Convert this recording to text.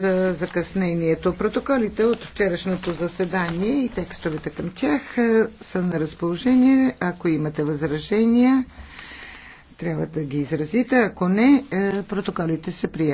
за закъснението. Протоколите от вчерашното заседание и текстовете към тях е, са на разположение. Ако имате възражения, трябва да ги изразите. Ако не, е, протоколите се приемат.